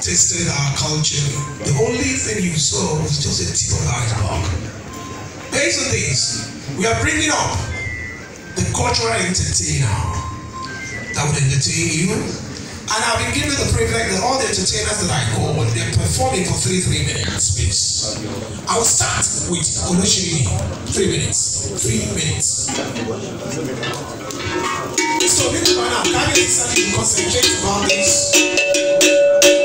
tasted our culture, the only thing you saw was just a tip of iceberg. Based on this, we are bringing up the cultural entertainer that would entertain you. And I've been given the privilege that all the entertainers that I call, they're performing for three, three minutes, please. I will start with Oloshiri. Three minutes. Three minutes. So, people, I'm coming to concentrate about this.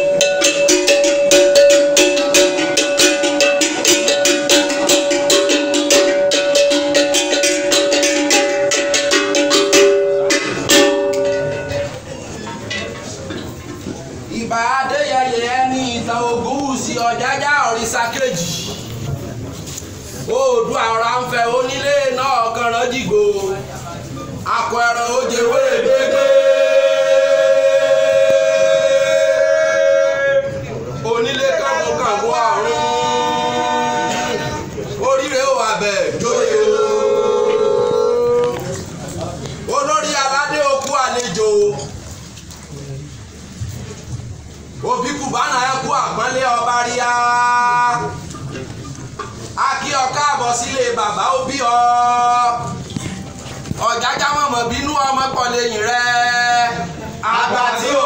òbí kùbánà ẹ kú àpọ́nlé ọba ríà a kí ọ káàbọ̀ sílé bàbá òbí ọ ọ̀jájá mọ̀mọ́ bínú ọmọ pọ̀lẹ́yìn rẹ àgbà tí o.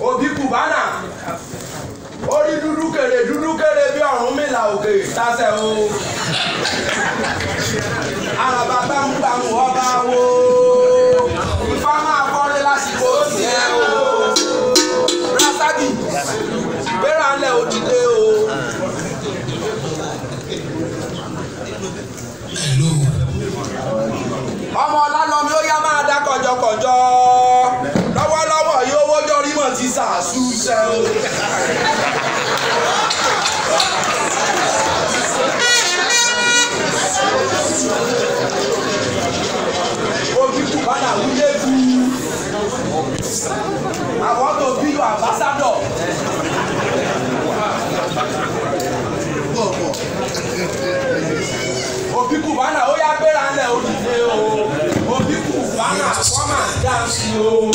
òbí kùbánà orí dúdú kèrè dúdú kèrè bí ọ̀run mìlà òkè tásẹ̀ o àràbà gbàmùgbàmù ọba wo ìfá máa kọ́lé lásìkò ó sì ẹ́ o rásádì bẹ́rẹ̀ alẹ́ òdìdé o. ọmọ kọjọ́ lọ́wọ́lọ́wọ́ yóò wọ́jọ́ rímọ̀ ti sàásùsẹ́ o. bana wúlé bu àwọn tó bí yọ àmbásádọ. òbí kùbánà ó yá gbéra lẹ̀ òdìdé o. ao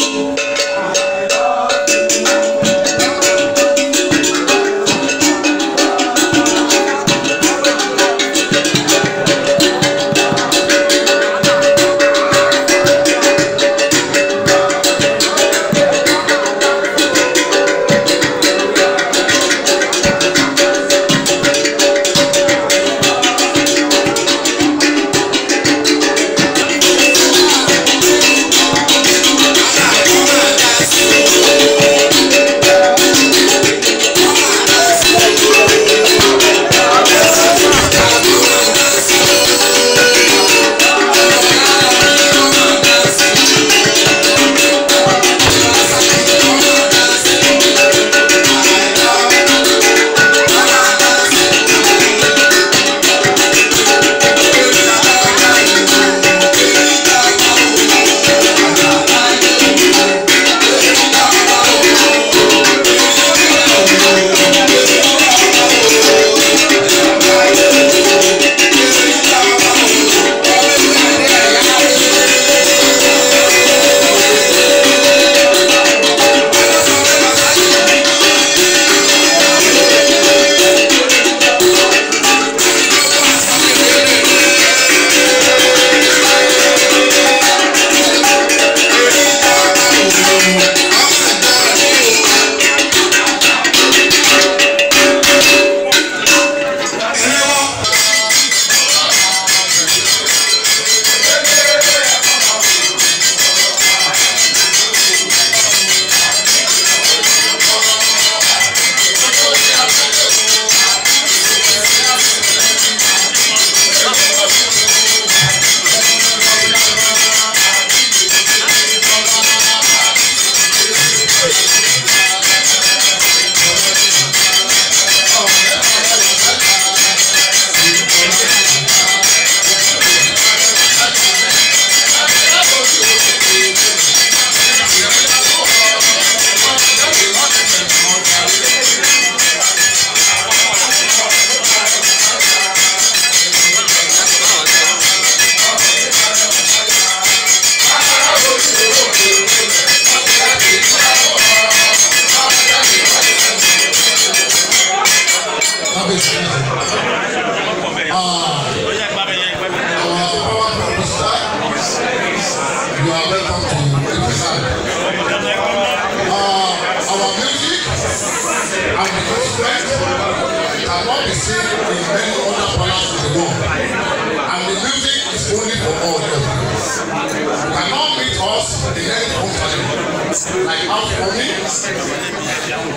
many other parents in the world. And the music is only for all of us. You cannot meet us in any company. Like house for me,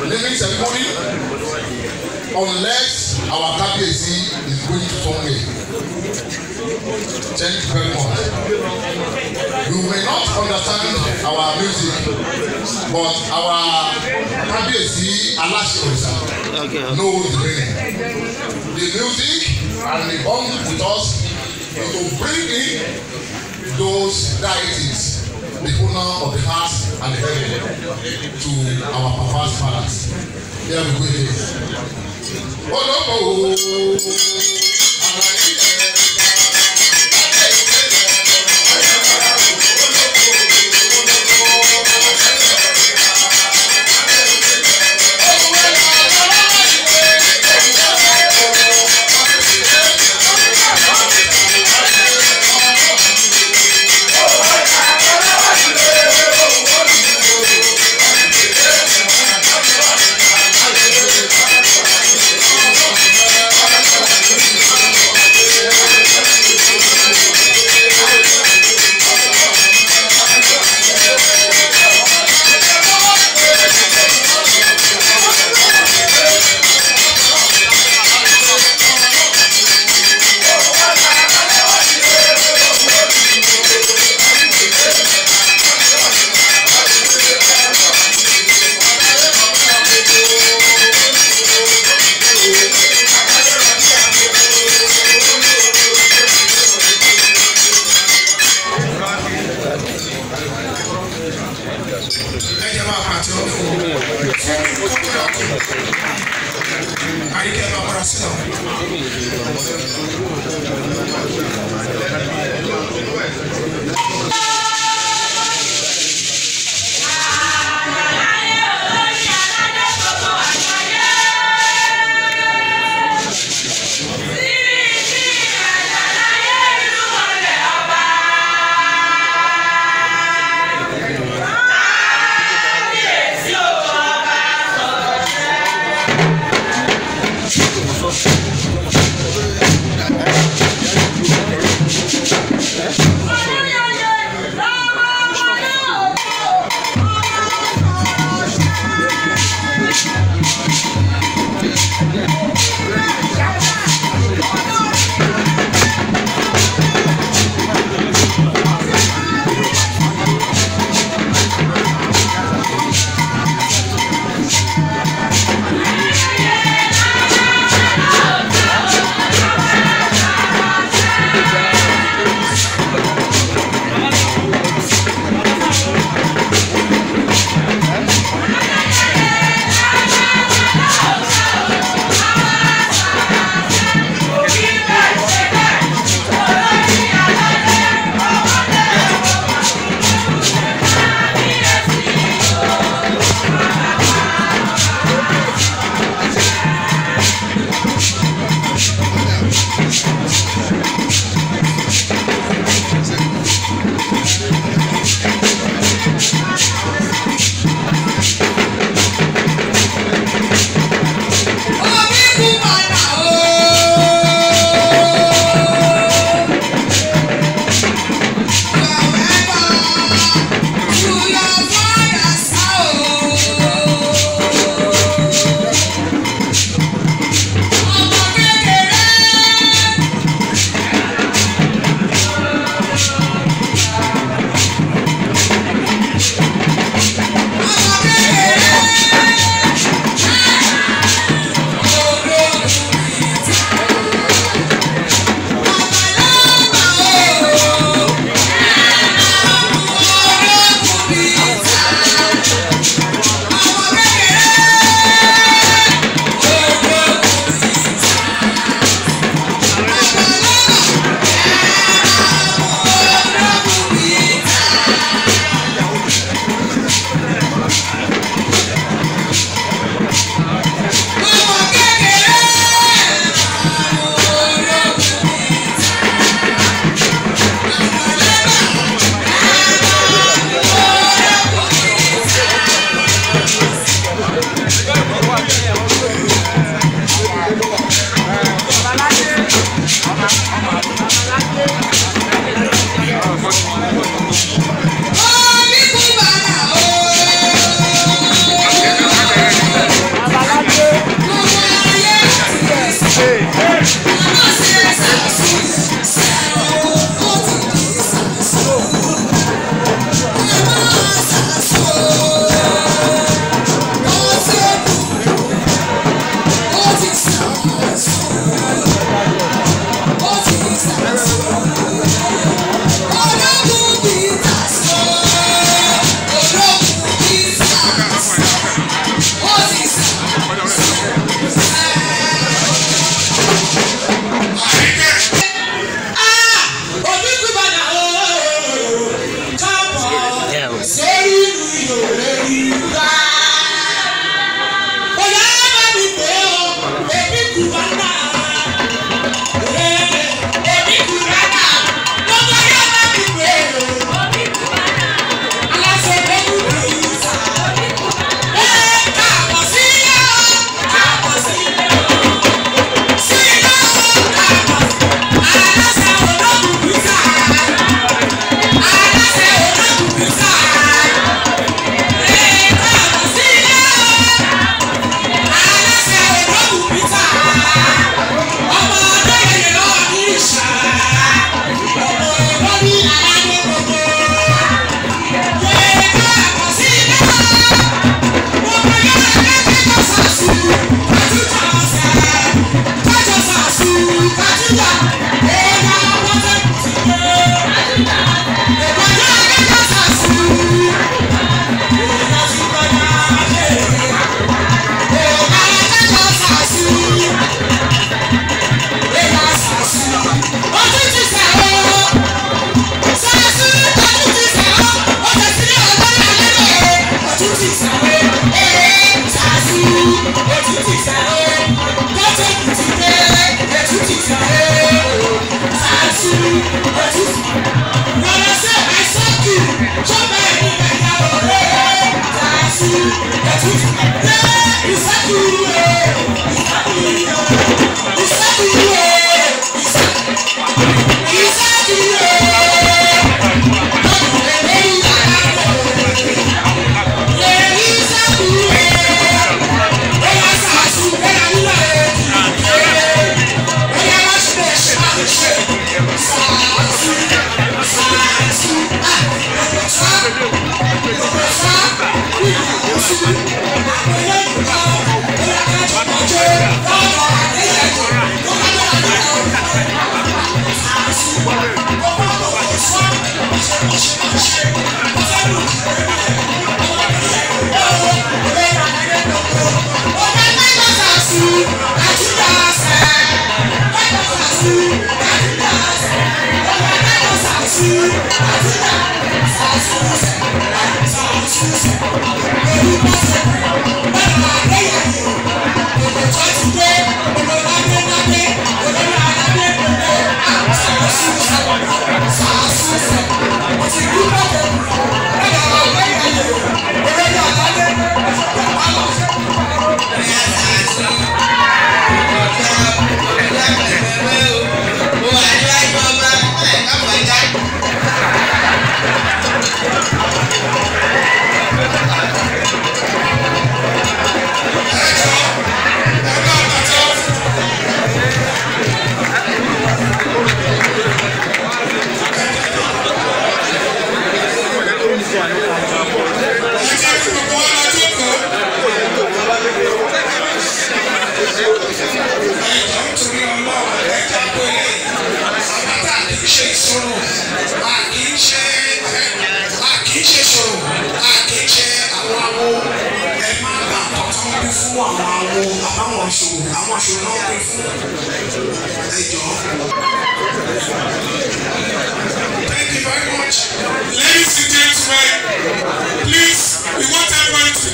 living ceremony, unless our kábíyèsí is going to somewhere. Thank you very much. You may not understand our music, but our kábíyèsí aláṣẹ òrìṣà know the meaning the music and the bond with us is to bring in those deities the owner of the heart and the heaven to our papa's palace there we go again. ọlọ́pàá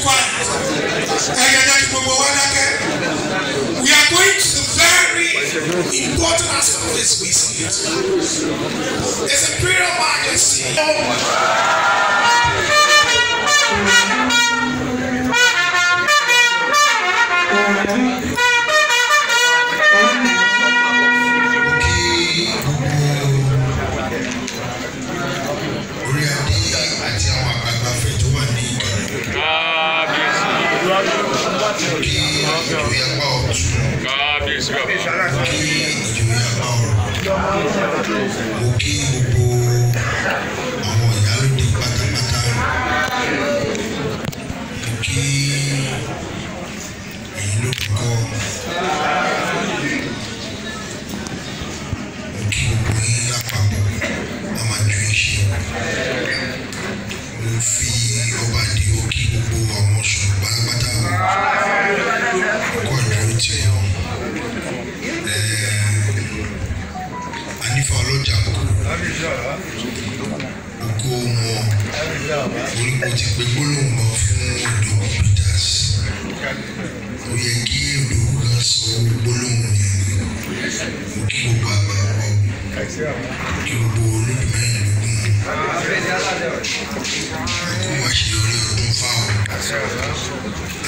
wa We are going to the very important aspect of this business. It's a period of majesty. kí ìwé apá ọ̀tún kí ìwé apá ọ̀rọ̀ mo kí gbogbo àwọn ìyálòdì pátápátá mo kí èyí ló kọ́ mo kí gbogbo yín lápapọ̀ mama ju iṣẹ́ mo fi ọba dìbò kí gbogbo àwọn ṣùgbọ́n jẹun anífà eh, ọlọ́jà kù oko wọn orí mo ti pe gbólóhùn lọ fún odò peters ó yẹ kí èrò kan sọ gbólóhùn yẹn mo kí gbogbo àgbà wọn mo kí gbogbo olódùmẹ́yìn lógún mo kó wàá ṣe orí ọdún fáwọn.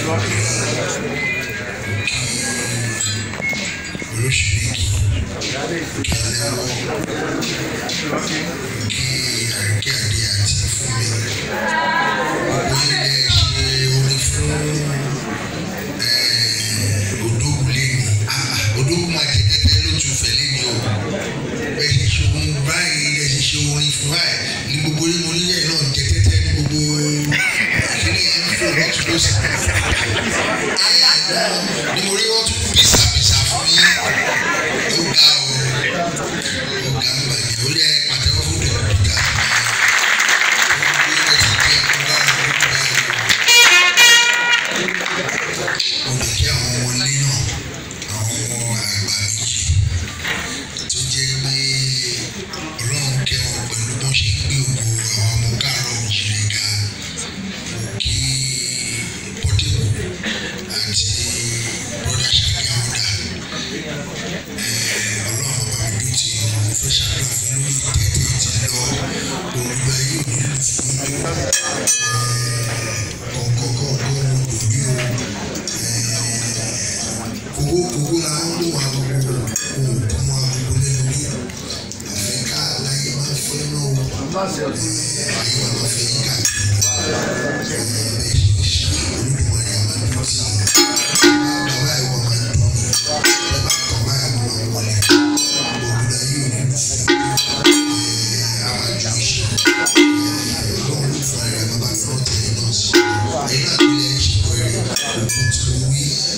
olóṣèlú kí àjẹ̀dẹ̀ àti fún mi onílẹ̀ ṣe orin fún odógun lẹ́nu odógun máa jẹ tẹ́tẹ́ ló tún fẹ́ lẹ́nu o ẹ ṣe ṣe orin báyìí ẹ ṣe ṣe orin fún báyìí Deus.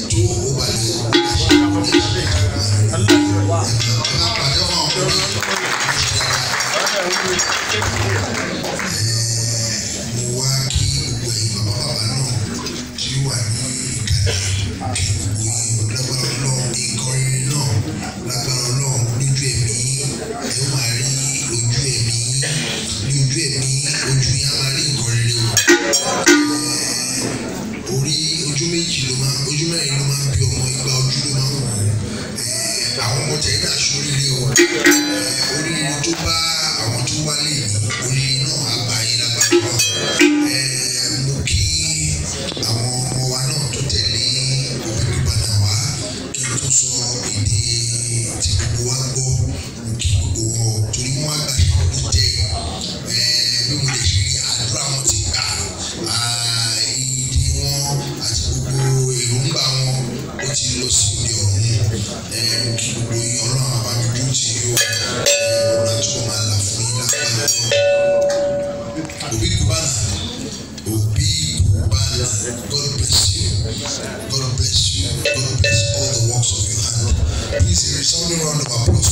Jehovah Obi Kubanzi. God bless you. God bless you. God bless all the works of your hand. Please, somebody round of applause.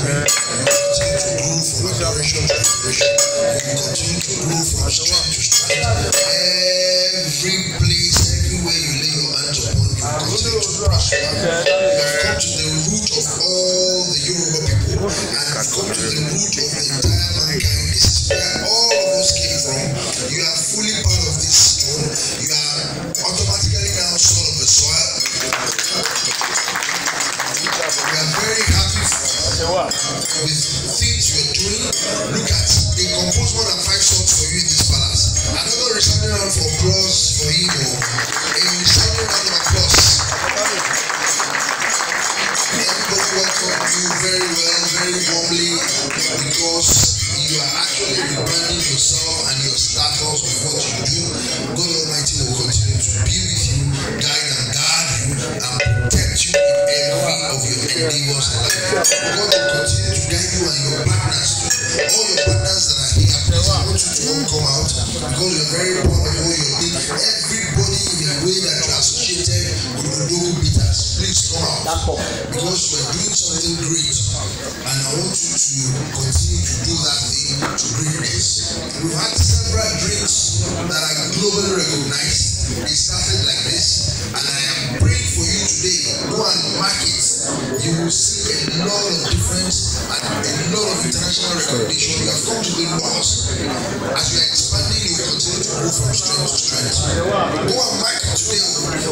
Continue to grow to move. You continue to grow to Every place, everywhere you lay your hands upon, you continue to prosper. the way that you associated with Odogo bitters. Please come out. Because you are doing something great. And I want you to continue to do that thing to bring this. We've had several drinks that are globally recognized. It started like this. And I am praying for you today. Go and market. you will see a lot of difference and a lot of international recognition. You have come to the loss. As you are expanding, you continue to grow from strength to strength. Go and mark today as you have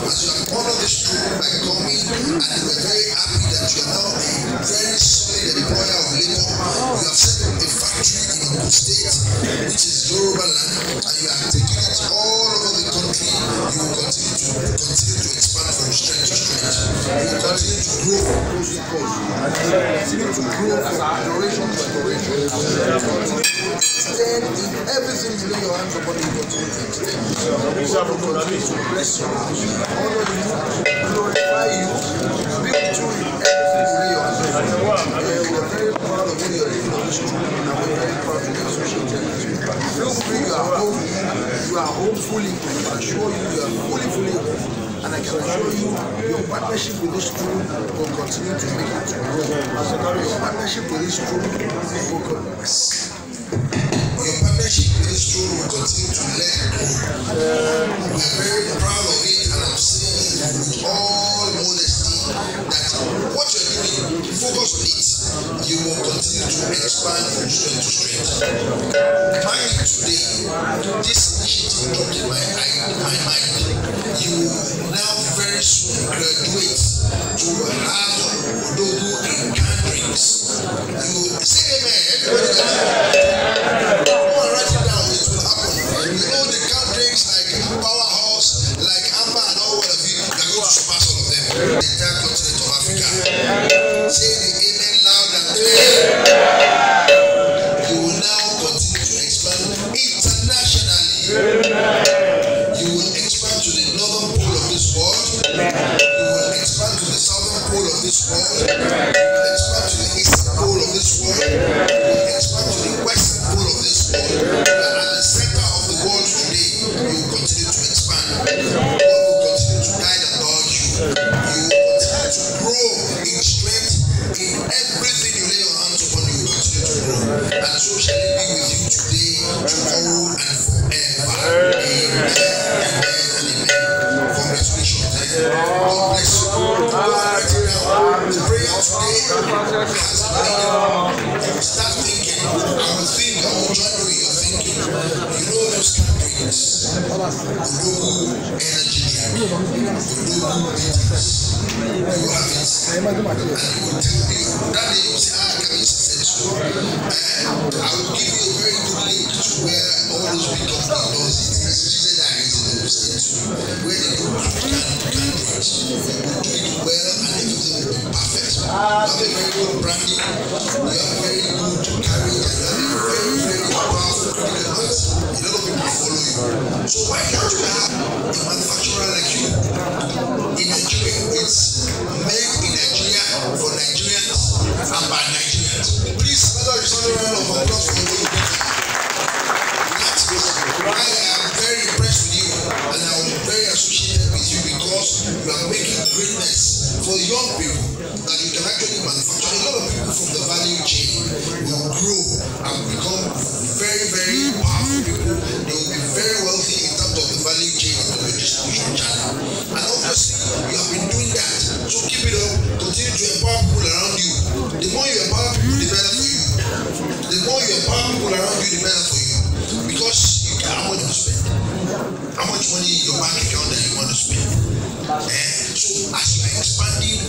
of this truth by coming, and we are very happy that you are now a very solid employer of labor. You have set up a factory in your state, which is Yoruba land, and you are taking it all you will continue to continue to expand from strength to strength. You will continue to grow from close to close. You will continue to grow from adoration to adoration. You will continue to extend in everything you lay your hands upon, you continue to extend. So continue to bless you, honor you, glorify you, be with you in everything you lay your hands upon. We are very proud of who you are in the ministry. feel free, you are home. You are home fully. I assure you, you are fully, fully home. And I can assure you, your partnership with this crew will continue to make it grow. Your partnership with this crew will continue. Your partnership with this crew will continue to let grow. We are very proud of it, and I'm saying with all honesty that what you're doing, focus on it you will continue to expand from strength to strength. Mind today, this shit dropped in my, my mind. You now very soon graduate to have Odogu and Candrinks. You say amen. Everybody can amen. Go and write it down. It will happen. You know the Candrinks like Powerhouse, like Amber and all of you. You are going to surpass all of them. So why can't you have a manufacturer like you in Nigeria? It's made in Nigeria for Nigerians and by Nigerians. Please, whether you stand around or for God for that's good. for young people that you can actually manufacture. A lot of people from the value chain will grow and become very, very powerful people. They will be very wealthy in terms of the value chain of the distribution channel. And obviously, you have been doing that. So keep it up. Continue to empower people around you. The more you empower people, the better for you. The more you empower people around you, the better for you. Because you can, how much you spend? How much money in your bank account that you want to spend? Eh? So as you asking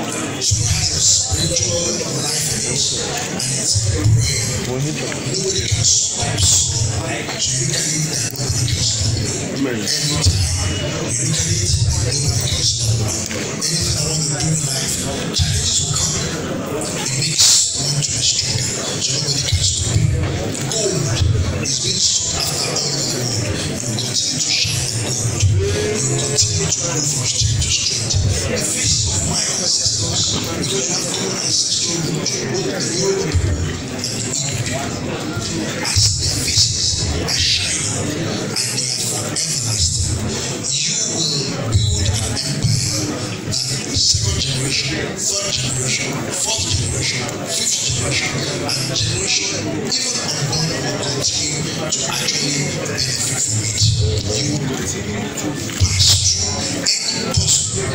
It's not a spiritual life. And it's a prayer. Nobody can stop so you carry that manifestation. Anytime you carry it, the manifestation. Anytime along the new life, challenges will come. It makes one to be strong. So nobody can stop. Gold is being sought after all over the world. Continue to shine. in Continue to look for change to strength. face of my ancestors. the Don't have no ancestral root. As their faces are shining and they are forever lasting, you will build an empire second generation, third generation, fourth generation, fifth generation, and generation even unborn will continue to actually benefit from it. You continue to pass through impossible.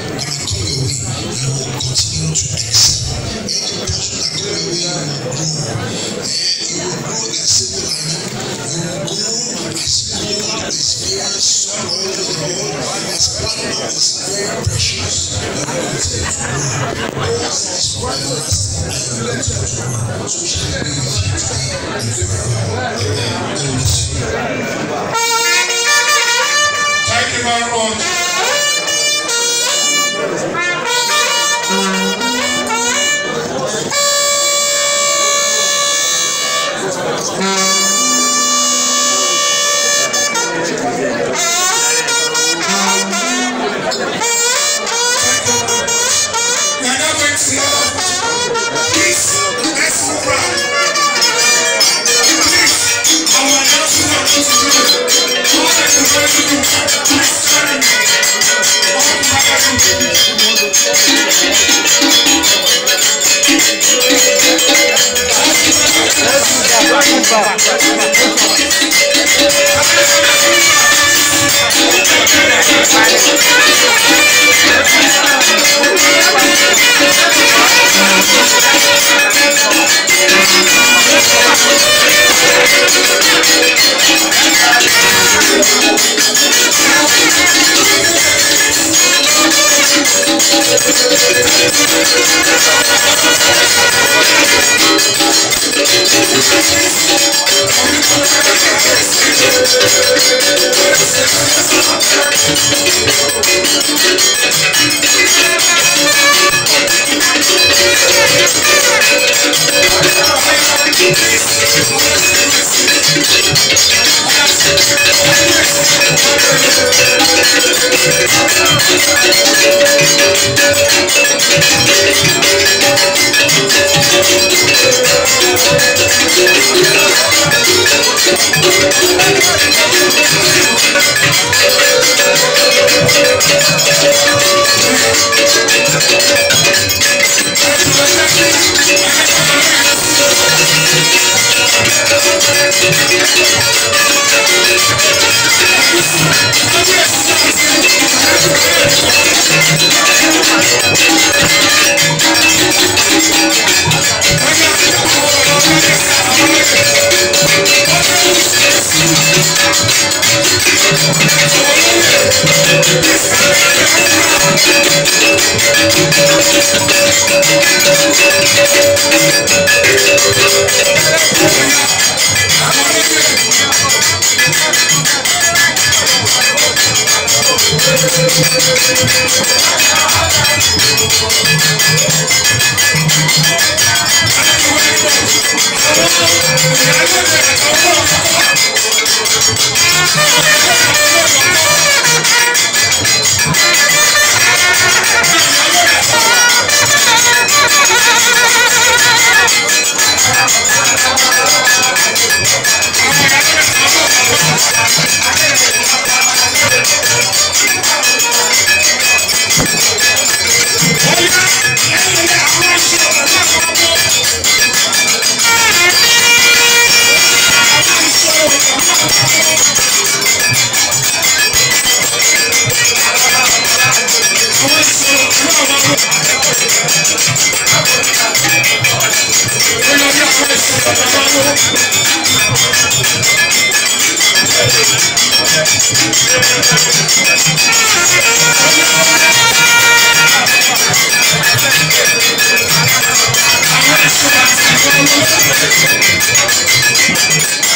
I'm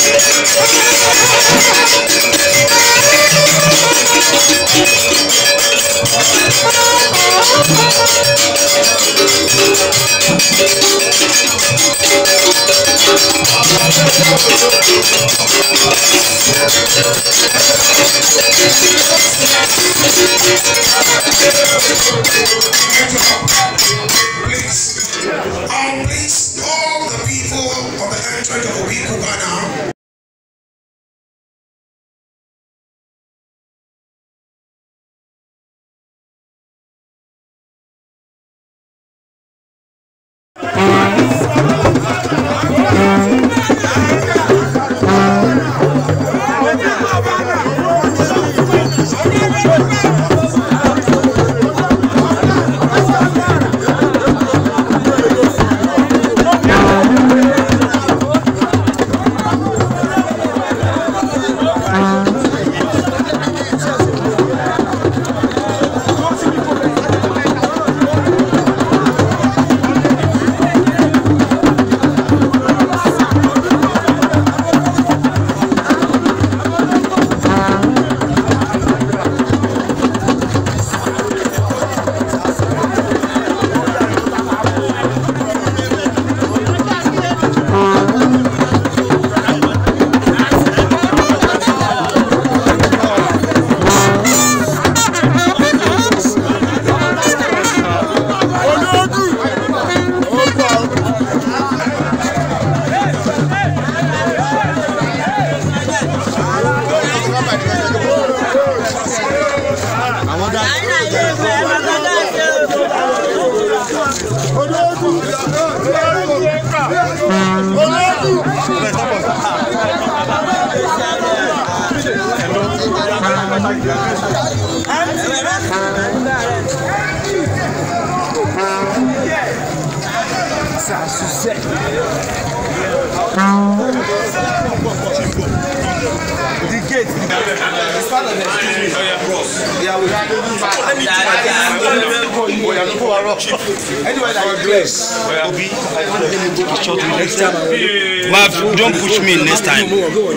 Please. 给我给我